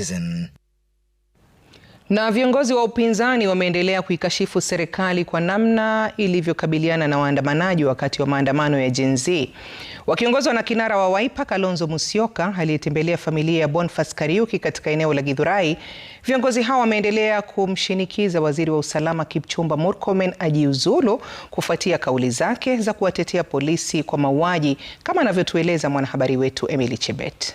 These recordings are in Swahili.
Citizen. Na viongozi wa upinzani wameendelea kuikashifu serikali kwa namna ilivyokabiliana na waandamanaji wakati wa maandamano ya Gen Z. Wakiongozwa na kinara wa Wiper Kalonzo Musyoka aliyetembelea familia ya Boniface Kariuki katika eneo la Githurai, viongozi hao wameendelea kumshinikiza waziri wa usalama Kipchumba Murkomen ajiuzulu kufuatia kauli zake za kuwatetea polisi kwa mauaji, kama anavyotueleza mwanahabari wetu Emily Chebet.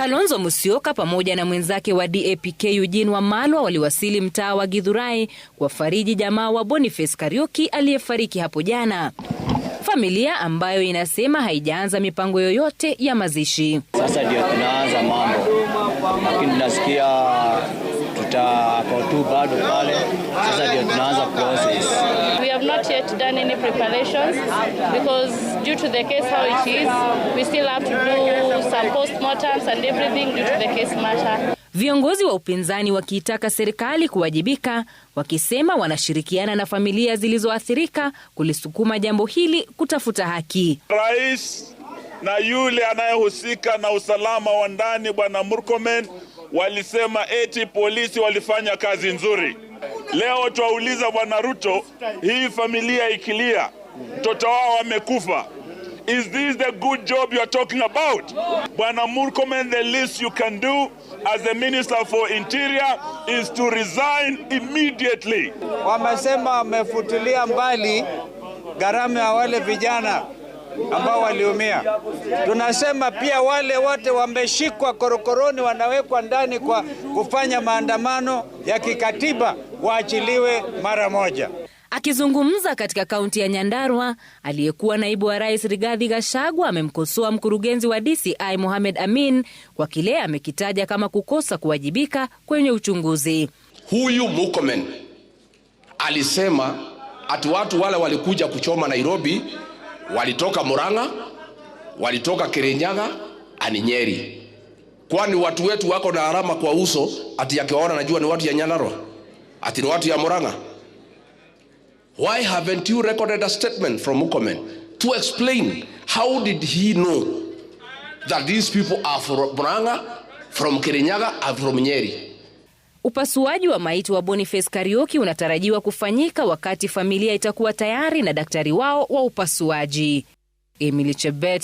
Kalonzo Musyoka pamoja na mwenzake wa DAPK Eugene Wamalwa waliwasili mtaa wa Githurai kuwafariji jamaa wa Boniface Kariuki aliyefariki hapo jana, familia ambayo inasema haijaanza mipango yoyote ya mazishi. Sasa ndio tunaanza mambo, lakini tunasikia tutakotu bado pale. Sasa ndio tunaanza yet done any preparations because due to the case how it is, we still have to do some postmortems and everything due to the case matter. Viongozi wa upinzani wakiitaka serikali kuwajibika, wakisema wanashirikiana na familia zilizoathirika kulisukuma jambo hili kutafuta haki. Rais na yule anayehusika na usalama wa ndani Bwana Murkomen walisema eti polisi walifanya kazi nzuri. Leo twauliza Bwana Ruto, hii familia ikilia mtoto wao amekufa, is this the good job you are talking about? Bwana Murkomen, the least you can do as the minister for interior is to resign immediately. Wamesema wamefutilia mbali gharama ya wale vijana ambao waliumia. Tunasema pia wale wote wameshikwa korokoroni, wanawekwa ndani kwa kufanya maandamano ya kikatiba waachiliwe mara moja. Akizungumza katika kaunti ya Nyandarua, aliyekuwa naibu wa rais Rigathi Gachagua amemkosoa mkurugenzi wa DCI Mohamed Amin kwa kile amekitaja kama kukosa kuwajibika kwenye uchunguzi. Huyu mukomen alisema ati watu wale walikuja kuchoma Nairobi walitoka Murang'a, walitoka Kirinyaga ani Nyeri, kwani watu wetu wako na alama kwa uso ati yakiwaona najua ni watu ya Nyandarua ati ni watu ya Murang'a. Why haven't you recorded a statement from Mukomen to explain how did he know that these people are from Murang'a, from Kirinyaga and from Nyeri? Upasuaji wa maiti wa Boniface Kariuki unatarajiwa kufanyika wakati familia itakuwa tayari na daktari wao wa upasuaji. Emily Chebet